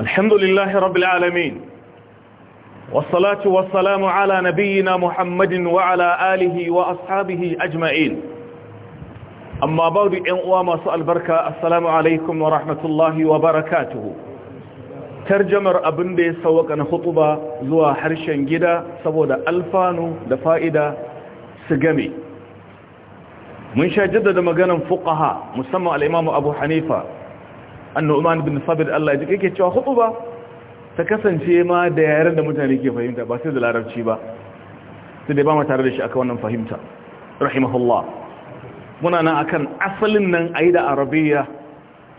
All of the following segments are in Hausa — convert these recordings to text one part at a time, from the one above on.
الحمد لله رب العالمين والصلاة والسلام على نبينا محمد وعلى آله وأصحابه أجمعين أما بعد إنواما سؤال بركة السلام عليكم ورحمة الله وبركاته ترجمر أبن دي سوكنا خطبة زوا حرشا جدا سبودا ألفان دفائدة سجمي من جدد مقانا فقها مسمى الإمام أبو حنيفة annu'man bin sabir Allah ya yake cewa ba ta kasance ma da yaren da mutane ke fahimta ba sai da larabci ba sai dai ba mu tare da shi aka wannan fahimta rahimahullah muna nan akan asalin nan aida da arabiya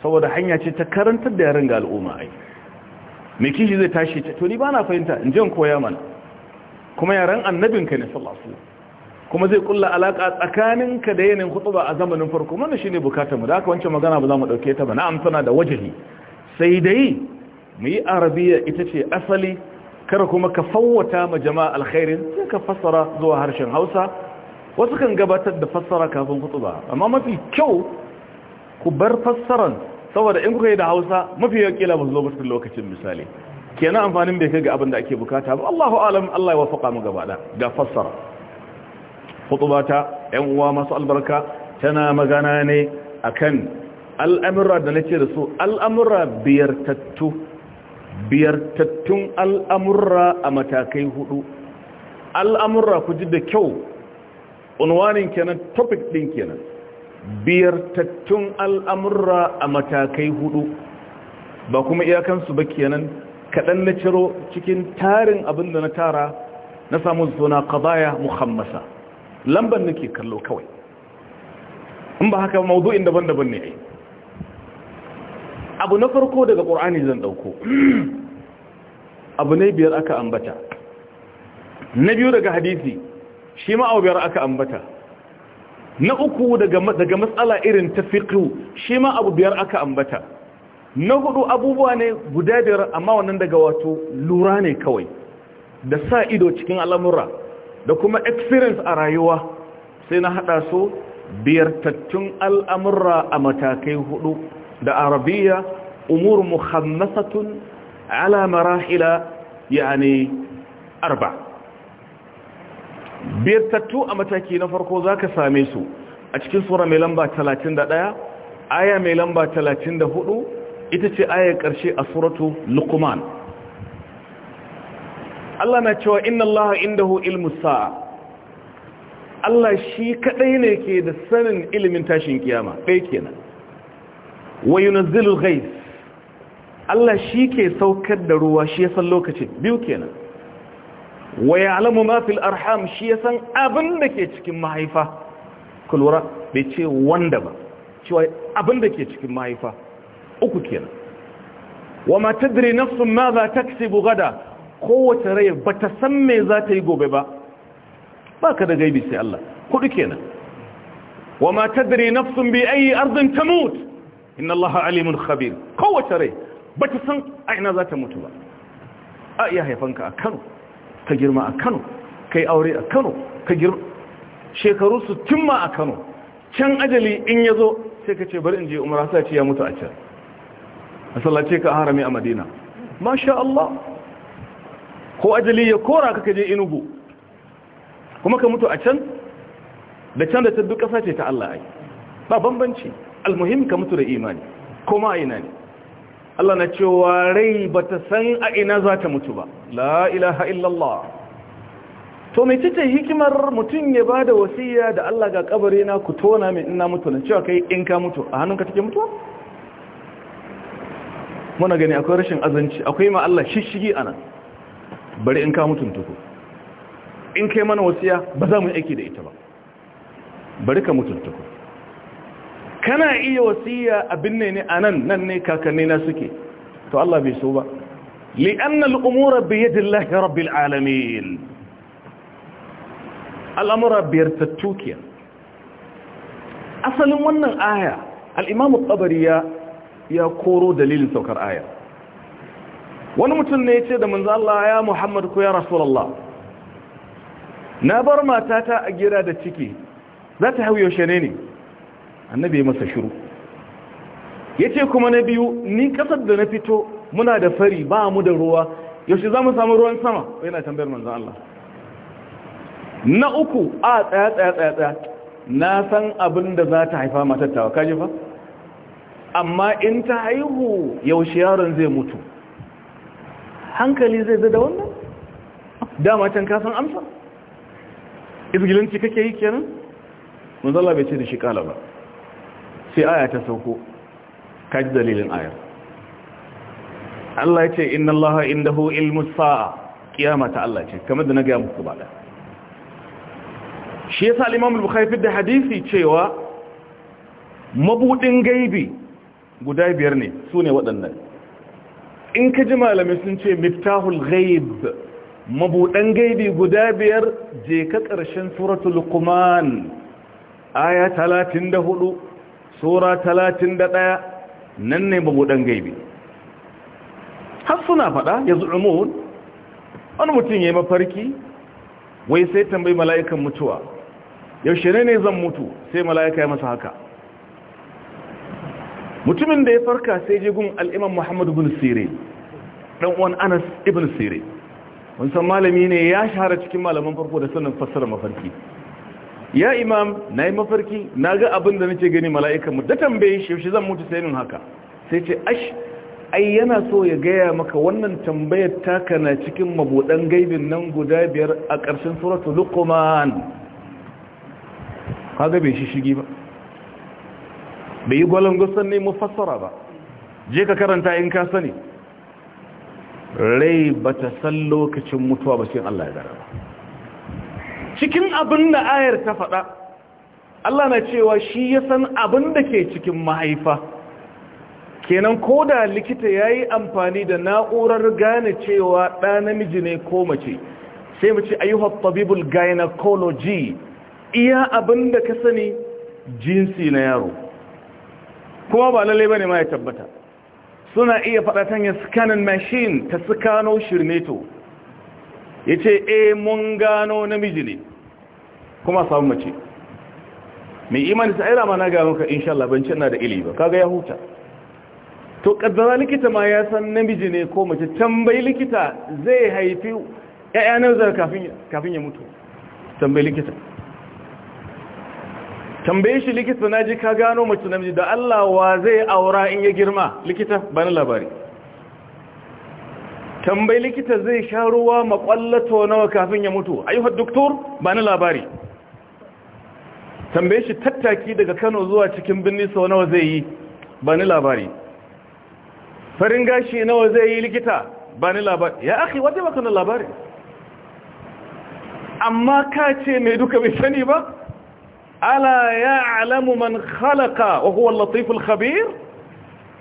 saboda hanya ce ta karantar da yaren ga al'umma ai me kishi zai tashi to ni ba na fahimta in je koya mana kuma yaren annabinka ne sallallahu alaihi wasallam kuma zai kulla alaka tsakaninka da yanayin hutuba a zamanin farko wannan shine bukatar mu da haka wancan magana ba za mu dauke ta ba na amsana da wajahi sai dai mu yi arabiya ita ce asali kar kuma ka fawwata ma jama'a alkhairin sai ka fassara zuwa harshen Hausa wasu kan gabatar da fassara kafin hutuba amma mafi kyau ku bar fassaran saboda in kuka yi da Hausa mafi yakila ba zo ba lokacin misali kenan amfanin bai kai ga abin da ake bukata ba Allahu alam Allah ya wafaka mu gaba da fassara khutubata yan uwa masu albarka tana magana ne a kan al'amura da nace da su al'amura biyar tattu biyar tattun al'amura a matakai hudu al'amura ku ji da kyau unwanin kenan topic din kenan biyar tattun al'amura a matakai hudu ba kuma iyakansu ba kenan kaɗan na ciro cikin tarin abin da na tara na samun suna ƙabaya muhammasa lambar nake kallo kawai in ba haka mawdu'in daban-daban ne ai abu na farko daga qur'ani zan dauko abu ne biyar aka ambata na biyu daga hadisi shi ma abu biyar aka ambata na uku daga matsala irin ta fiqhu shi ma abu biyar aka ambata na hudu abubuwa ne guda biyar amma wannan daga wato lura ne kawai da sa ido cikin al'amura da kuma experience a rayuwa sai na hada su biyartattun al'amurra a matakai hudu da arabiya umur muhammasatun ala marahila yani arba biyartattu a mataki na farko za ka same su a cikin sura mai lamba 31 aya mai lamba da 34 ita ce aya ƙarshe a suratu lukman. Allah na cewa inna Allah indahu ilmu sa'a Allah shi kadai ne ke da sanin ilimin tashin kiyama ɗaya kenan wa yunazzilul ghais Allah shi ke saukar da ruwa shi ya san lokacin biyu kenan wa ya'lamu ma fil arham shi ya san abin da ke cikin mahaifa kulura bai ce wanda ba cewa abin da ke cikin mahaifa uku kenan wa ma tadri nafsun ma za taksibu gada kowace rai ba ta san me za ta yi gobe ba ba ka da gaibi sai Allah hudu kenan wa ma tadri nafsun bi ayi ardin tamut inna Allah alimun khabir kowace rai ba ta san a ina za ta mutu ba a iya haifanka a Kano ka girma a Kano kai aure a Kano ka girma shekaru su timma a Kano can ajali in yazo sai ka ce bari in je umra sai ya mutu a can masallace ka harami a Madina masha Allah ko ajali ya kora ka je inugu kuma ka mutu a can da can da duk ƙasa ce ta Allah ai ba bambanci almuhim ka mutu da imani kuma a ina ne Allah na cewa rai ba ta san a ina za ta mutu ba la ilaha illallah to mai cice hikimar mutum ya bada da wasiya da Allah ga kabari na ku tona min ina mutu na cewa kai in ka mutu a hannunka take mutuwa muna gani akwai rashin azanci akwai ma Allah shishigi anan bari in ka mutun tuku in kai mana wasiya ba za mu yi aiki da ita ba bari ka mutun tuku kana iya wasiya abin ne ne anan nan ne kakanni na suke to Allah bai so ba li'anna al'umura bi yadillahi rabbil alamin al'amura biyar tattukiya asalin wannan aya al-imam ya koro dalilin saukar aya wani mutum ne ya ce da manzo Allah ya Muhammad ko ya Rasulullah na bar matata a gida da ciki za ta hau yaushe ne ne annabi ya masa shiru ya ce kuma na biyu ni kasar da na fito muna da fari ba mu da ruwa yaushe za mu samu ruwan sama yana tambayar manzan Allah na uku a tsaya tsaya tsaya tsaya na san abin da za ta haifa matattawa kaji fa amma in ta haihu yaushe yaron zai mutu hankali zai zai da wannan dama can kasan amsa izgilanci kake yi kenan manzala bai ce da shi kala ba sai aya ta sauko kaji dalilin ayar Allah ya ce inna Allah hu ilmus sa'a kiyama ta Allah ce kamar da na gaya muku ba da shi yasa sa imam al-Bukhari da hadisi cewa mabudin gaibi guda biyar ne su ne waɗannan in ka ji malamai sun ce miftahul ghaib mabudan gaibi guda biyar je ka ƙarshen suratul quman aya 34 sura 31 nan ne mabudan gaibi har suna faɗa ya zuɗumun wani mutum ya yi mafarki wai sai tambayi mala'ikan mutuwa yaushe ne ne zan mutu sai mala'ika ya masa haka mutumin da ya farka sai je gun al'imam muhammad bin sire ɗan wani anas ibn sire mun malami ne ya shahara cikin malaman farko da sannan fassara mafarki ya imam na yi mafarki na ga abin da nake gani mala'ikan mu da tambaye shi yaushe zan mutu sayanin haka sai ce ash ai yana so ya gaya maka wannan tambayar taka na cikin mabuɗan gaibin nan guda biyar a ƙarshen suratul luqman kaga bai shi shigi ba bai yi gwalon gusan ne mafassara ba je ka karanta in ka sani rai ba ta san lokacin mutuwa ba cikin Allah ya gara ba cikin abin da ayar ta faɗa Allah na cewa shi ya san abin da ke cikin mahaifa kenan ko da likita ya yi amfani da na'urar gane cewa ɗa namiji ne ko mace sai mace ayyuhar tabibul gynecology iya abin da ka sani jinsi na yaro kuma ba lalle bane ma ya tabbata suna iya faɗa ta hanyar scanning machine ta sikano shirmeto ya ce e mun gano namiji ne kuma samun mace mai imani sa'ira ma na ga muka insha Allah ban na da ili ba kaga ya huta to kaddara likita ma ya san namiji ne ko mace tambayi likita zai haifi ƴaƴan nan kafin ya mutu tambayi likita tambaye shi likita na ji ka gano mace namiji da Allah wa zai aura in ya girma likita bani labari tambayi likita zai sha ruwa makwallato nawa kafin ya mutu ayyuhar doktor bani labari tambaye shi tattaki daga kano zuwa cikin birni sau nawa zai yi bani labari farin gashi nawa zai yi likita bani labari ya ake wata baka na labari amma ka ce mai duka bai sani ba ألا يعلم من خلق وهو اللطيف الخبير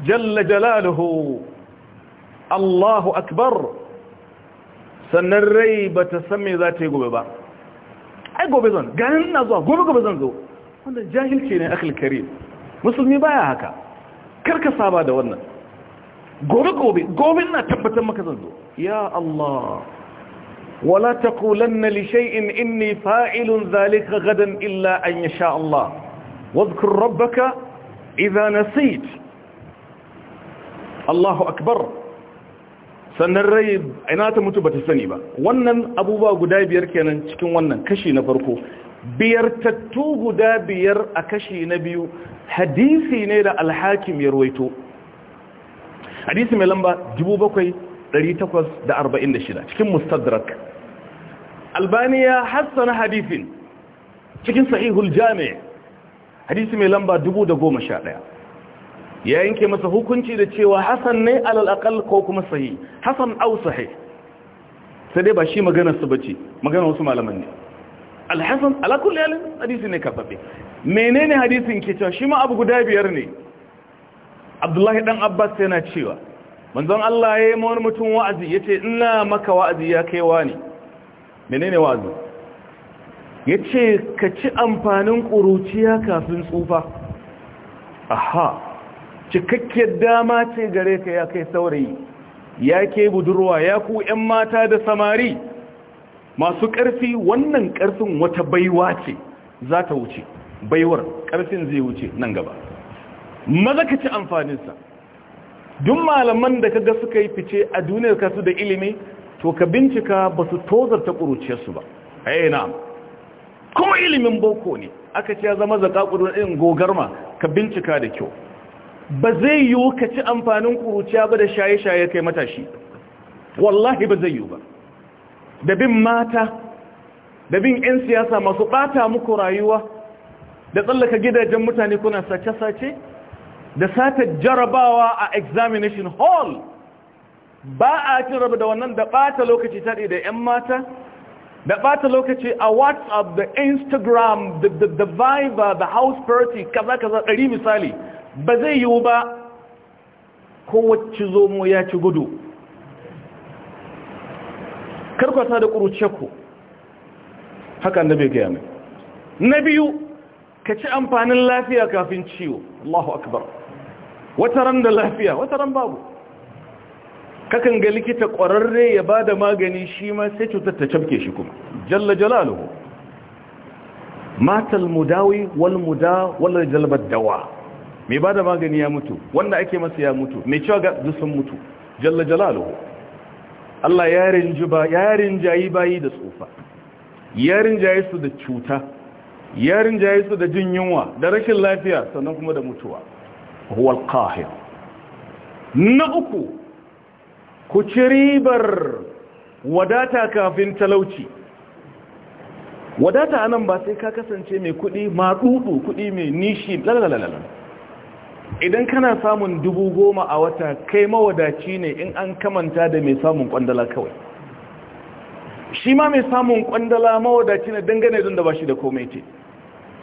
جل جلاله الله أكبر سن الريبة تسمي ذاتي قبيبا أي قببزن قال النظر قبب قببزن ذو وانا جاهل كيني أخي الكريم مسلمي بايا هكا كرك صابا دوانا قبب قبب قبب قبب قبب قبب قبب قبب ولا تقولن لشيء إني فاعل ذلك غدا إلا أن يشاء الله واذكر ربك إذا نسيت الله أكبر sannan rai ina ta mutu ba ta sani ba wannan abubuwa guda biyar kenan cikin wannan kashi na farko biyar tattu guda biyar a kashi na biyu hadisi ne da alhakim ya ruwaito hadisi mai lamba 7846 cikin mustadrak albani ya hassana hadisin cikin sahihul jami hadisi mai lamba dubu da sha ɗaya. ya yanke masa hukunci da cewa hasan ne alal aqal ko kuma sahih hasan aw sahih sai dai ba shi magana su bace magana wasu malaman ne al-hasan ala kulli hal hadisi ne kafabe menene hadisin ke cewa shi ma abu guda biyar ne Abdullahi dan Abbas yana cewa manzon Allah ya yi wani mutum wa'azi yace ina maka wa'azi ya kai ni. menene wa'azi yace ka ci amfanin ƙuruciya kafin tsufa aha cikakkiyar dama ce gare ka ya kai saurayi ya ke budurwa ya ku 'yan mata da samari masu ƙarfi wannan ƙarfin wata baiwa ce za ta wuce baiwar ƙarfin zai wuce nan gaba maza ka ci amfaninsa duk malaman da kaga suka yi fice a duniyar kasu da ilimi to ka bincika ba su tozarta ƙuruciyarsu ba eh, na kuma ilimin boko ne aka ce ya zama zaka ƙudurin gogarma ka bincika da kyau ba zai yiwu ka ci amfanin ƙuruciya ba da shaye-shaye kai matashi wallahi ba zai yiwu ba da bin mata da bin 'yan siyasa masu ɓata muku rayuwa da tsallaka gidajen mutane kuna sace-sace da sata jarabawa a examination hall ba a cin rabu da wannan da ɓata lokaci taɗi da 'yan mata da ɓata lokaci a whatsapp da instagram da viber da house party kaza kaza ɗari misali ba zai yiwu ba kowace zomo ya ci gudu karkwata da ƙuruce ku haka na bai gaya mai na biyu ka ci amfanin lafiya kafin ciwo allahu akbar wata ran da lafiya wata ran babu kakan ga likita ƙwararre ya ba da magani shi ma sai cutar ta cafke shi kuma jalla jalaluhu matal mudawi wal muda wal jalbar dawa mai ba da magani ya mutu wanda ake masa ya mutu mai cewa ga dusan mutu jalla jalaluhu Allah yarin juba yarin jayi bayi da tsufa yarin jayi su da cuta yarin jayi su da jin yunwa da rashin lafiya sannan kuma da mutuwa huwal qahir na uku ku ci ribar wadata kafin talauci wadata anan ba sai ka kasance mai kuɗi maɗuɗu kuɗi mai nishi lalalalala idan kana samun dubu goma a wata kai mawadaci ne in an kamanta da mai samun kwandala kawai shi ma mai samun kwandala mawadaci ne dangane don da ba shi da komai ce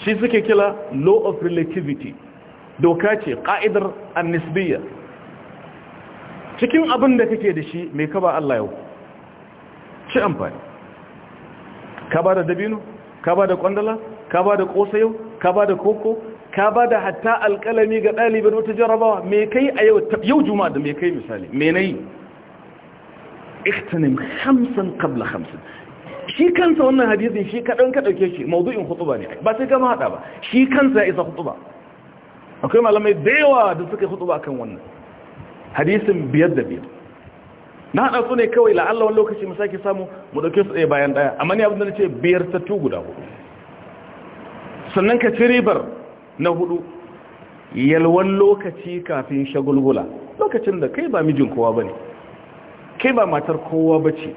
shi suke kila law of relativity doka ce ƙa'idar annisbiya. cikin abin da kake da shi mai kaba ba Allah yau ci amfani ka ba da dabino ka ba da kwandala ka ba da kosa yau ka ba da koko ka ba da hatta alkalami ga ɗalibin wata jarabawa mai kai a yau yau juma'a da mai kai misali mai na yi ikhtanim hamsin kabla hamsin shi kansa wannan hadisin shi kaɗan ka ɗauke shi maudu'in hutuba ne ba sai gama haɗa ba shi kansa ya isa hutuba akwai malamai da yawa da suka yi hutuba kan wannan hadisin biyar da biyar na haɗa su ne kawai la'alla wani lokaci mu sake samu mu ɗauke su ɗaya bayan ɗaya amma ni abin da na ce biyar ta tu guda hudu sannan ka ci ribar na hudu yalwan lokaci kafin shagulgula lokacin da kai ba mijin kowa ba ne kai ba matar kowa ba ce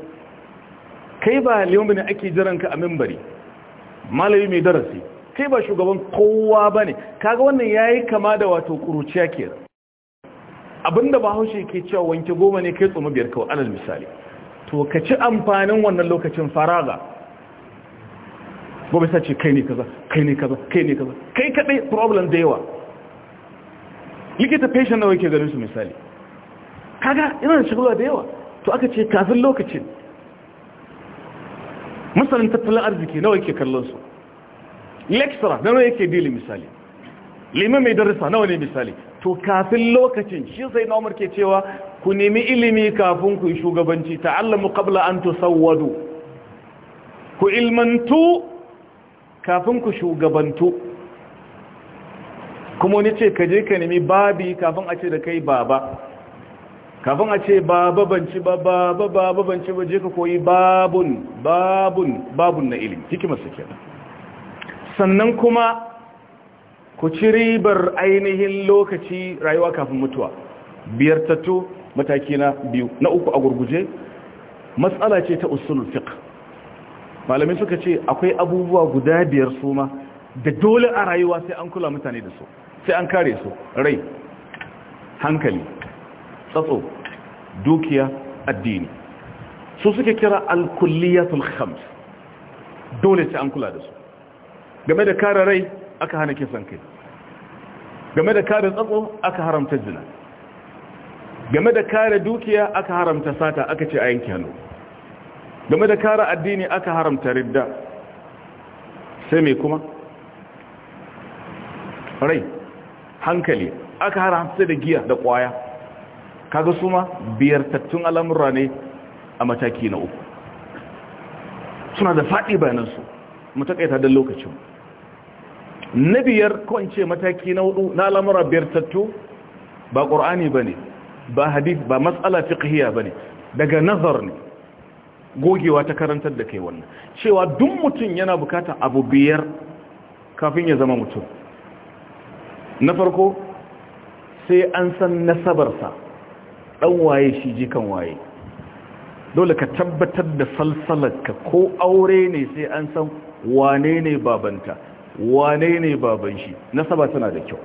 kai ba liyomi bane ake jiranka a mimbari malami mai darasi kai ba shugaban kowa ba ne kaga wannan ya yi kama da wato ƙuruciya ke abinda bahaushe ke cewa wanke goma ne kai tsoma biyar kawai alal misali to ka ci amfanin wannan lokacin faraga gobe sa ce kai ne kaza kai ne kaza kai ne kaza kai kadai problem da yawa likita patient nawa yake ganin su misali kaga ina da shigula da yawa to aka ce kafin lokacin masanin tattalin arziki nawa yake kallon su lecturer nawa yake dili misali limin mai darussa nawa ne misali to kafin lokacin shi sai na umar ke cewa ku nemi ilimi kafin ku yi shugabanci ta'allamu qabla an tusawwadu ku ilmantu kafin ku shugabantu kuma wani ce ka je ka nemi babi kafin a ce da kai baba kafin a ce baba banci ba baba baba banci ba je ka koyi babun babun babun na ilimi hikimar su kenan sannan kuma ku ci ribar ainihin lokaci rayuwa kafin mutuwa biyar tattu mataki na biyu na uku a gurguje matsala ce ta usulul fiqh malamai suka ce akwai abubuwa guda biyar su ma da dole a rayuwa sai an kula mutane da su sai an kare su rai hankali tsatso dukiya addini su suke kira alkulliyatul khams dole sai an kula da su game da kare rai aka hana kisan kai game da kare tsatso aka haramta zina game da kare dukiya aka haramta sata aka ce a yanki hannu game da kare addini aka haramta ridda sai mai kuma rai hankali aka haramta da giya da kwaya kaga su ma tattun al'amura ne a mataki na uku suna da faɗi bayanansu mu don lokacin na biyar ko mataki na hudu na lamura biyar tattu ba ƙur'ani ba ne ba hadith ba matsala fiqhiyya ba ne daga nazar ne gogewa ta karantar da kai wannan cewa duk mutum yana bukatar abu biyar kafin ya zama mutum na farko sai an san nasabarsa ɗan waye shi jikan waye dole ka tabbatar da ka ko aure ne sai an san wane ne babanta wane ne baban shi nasaba tana da kyau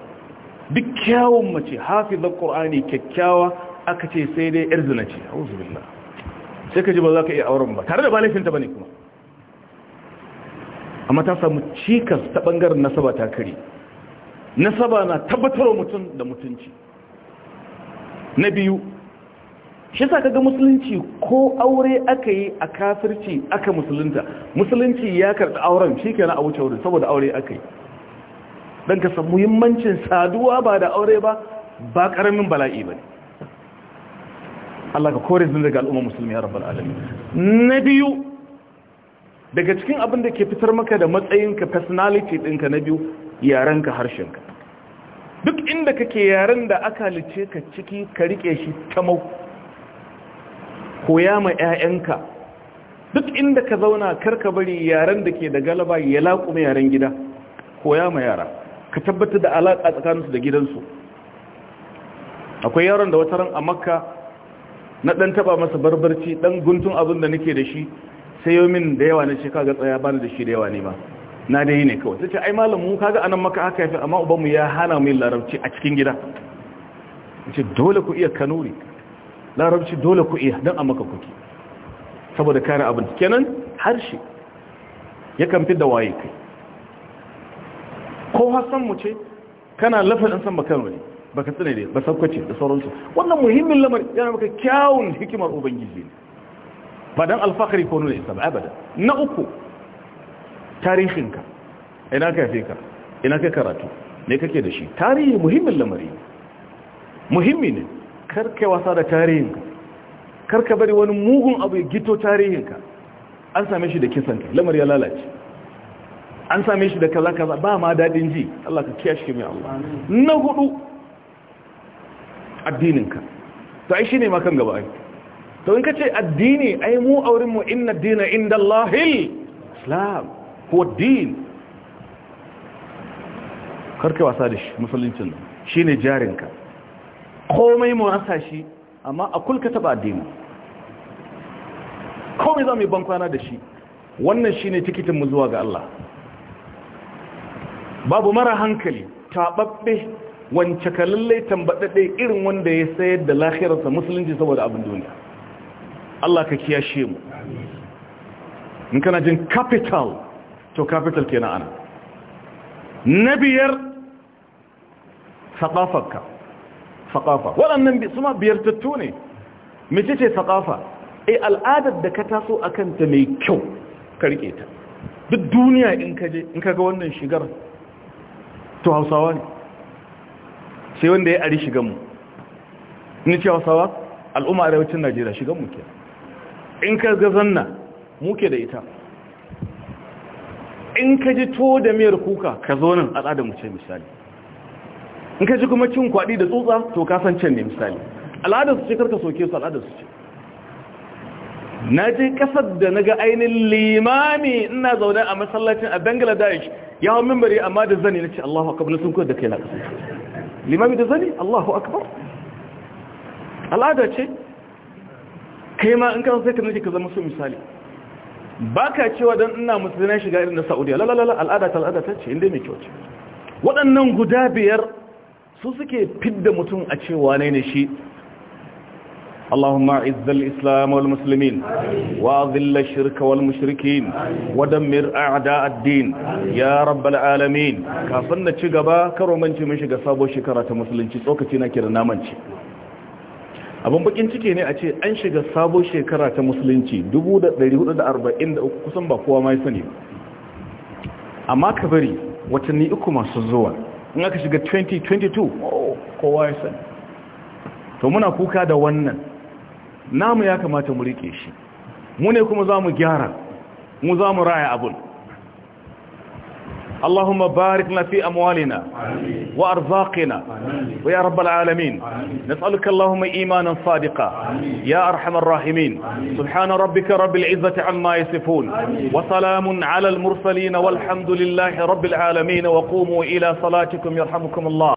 duk kyawun mace hafizar qur'ani kyakkyawa aka ce sai dai yar zina ce auzu sai ka ji ba za ka iya auren ba tare da ba laifinta bane kuma amma ta samu cikas ta bangaren nasaba ta kare nasaba na tabbatarwa mutum da mutunci na biyu shi sa kaga musulunci ko aure aka yi a kafirci aka musulunta musulunci ya karɓi auren shi kenan a wuce wurin saboda aure aka yi don ka san muhimmancin saduwa ba da aure ba ba ƙaramin bala'i ba Allah ka kore zin daga al'umma musulmi ya rabar alami na biyu daga cikin abin da ke fitar maka da matsayinka personality ɗinka na biyu yarenka harshenka duk inda kake yaren da aka halice ka ciki ka riƙe shi mau koya ma 'ya'yanka duk inda ka zauna karka bari yaren da ke da galaba ya laƙume yaren gida koya ma yara ka tabbatar da alaƙa tsakaninsu da gidansu akwai yaron da wata ran a makka na ɗan taɓa masa barbarci ɗan guntun abin da nake da shi sai yau min da yawa na ce kaga tsaya bani da shi da yawa ne ba na dai ne kawai ta ce ai malam mu kaga anan maka haka yafi amma ubanmu ya hana mu yin larabci a cikin gida ce dole ku iya kanuri larabci dole ku iya don a maka kuki saboda kare abin kenan harshe ya kamfi da waye kai ko hassan mu ce kana lafazin san bakan wani baka tsine ne ba saukwace da sauransu wannan muhimmin lamar yana maka kyawun hikimar ubangiji ne ba don alfakari ko nuna isa ba abada na uku tarihinka ina ka yafe ka ina ka karatu ne kake da shi tarihi muhimmin lamari muhimmi ne karka wasa da tarihinka karka bari wani mugun abu ya gito tarihinka an same shi da kisan ka, lamar ya lalace an same shi da kaza kaza ba ma dadin ji Allah ka kiyaye shi mai Allah na hudu addininka to ai shine makan gaba ai to in kace addini ai mu aurin mu inna dina indallahi islam ko din karka wasa da shi musulunci shine jarinka komai mu rasa shi amma a kulka ba addini komai za mu yi bankwana da shi wannan shi ne tikitin mu zuwa ga Allah babu mara hankali taɓaɓɓe wance ka lallai tambaɗaɗe irin wanda ya sayar da lahirarsa musulunci saboda abin duniya Allah ka kiyashe mu in kana jin capital to capital ke na ana na biyar saƙafarka saƙafa waɗannan su ma tattu ne mace ce saƙafa e eh, al'adar da ka taso a kanta mai kyau karke ta duk duniya in ka je in kaga ga wannan shigar to hausawa ne sai wanda ya ari shiganmu ni ce hausawa al'umma a arewacin najeriya shiganmu ke in ka ga zanna muke da ita in ka ji to da miyar kuka ka zo nan al'adar mu ce misali in ka ji kuma cin kwaɗi da tsutsa to kasancen ne misali al'adarsu ce karka soke su al'adarsu ce na je ƙasar da na ga ainihin limami ina zaune a masallacin a bangladesh ya hau mimbari amma da zane na ce allahu akabar na sun kuwa da kai na ƙasar limami da zane allahu akabar al'ada ce kai ma in kan sai ka nake ka zama su misali ba ka cewa don ina musulmi shiga irin na saudiya lalala al'ada ta al'ada ta ce inda mai kyau ce waɗannan guda biyar su suke fidda mutum a cewa ne ne shi اللهم اعز الإسلام والمسلمين واذل الشرك والمشركين ودمر ya الدين يا رب العالمين ci gaba karo manci mun shiga sabo shekara ta musulunci tsokaci na kirna manci abun bakin ciki ne a ce an shiga sabo shekara ta musulunci 1443 kusan ba kowa mai sani amma ka bari watanni uku masu zuwa in aka shiga 2022 oh kowa ya sani to muna kuka da wannan namu ya kamata mu rike shi mu ne kuma za mu gyara mu za mu raya abun اللهم بارك لنا في أموالنا وأرزاقنا ويا رب العالمين نسألك اللهم إيمانا صادقا يا أرحم الراحمين سبحان ربك رب العزة عما يصفون وسلام على المرسلين والحمد لله رب العالمين وقوموا إلى صلاتكم يرحمكم الله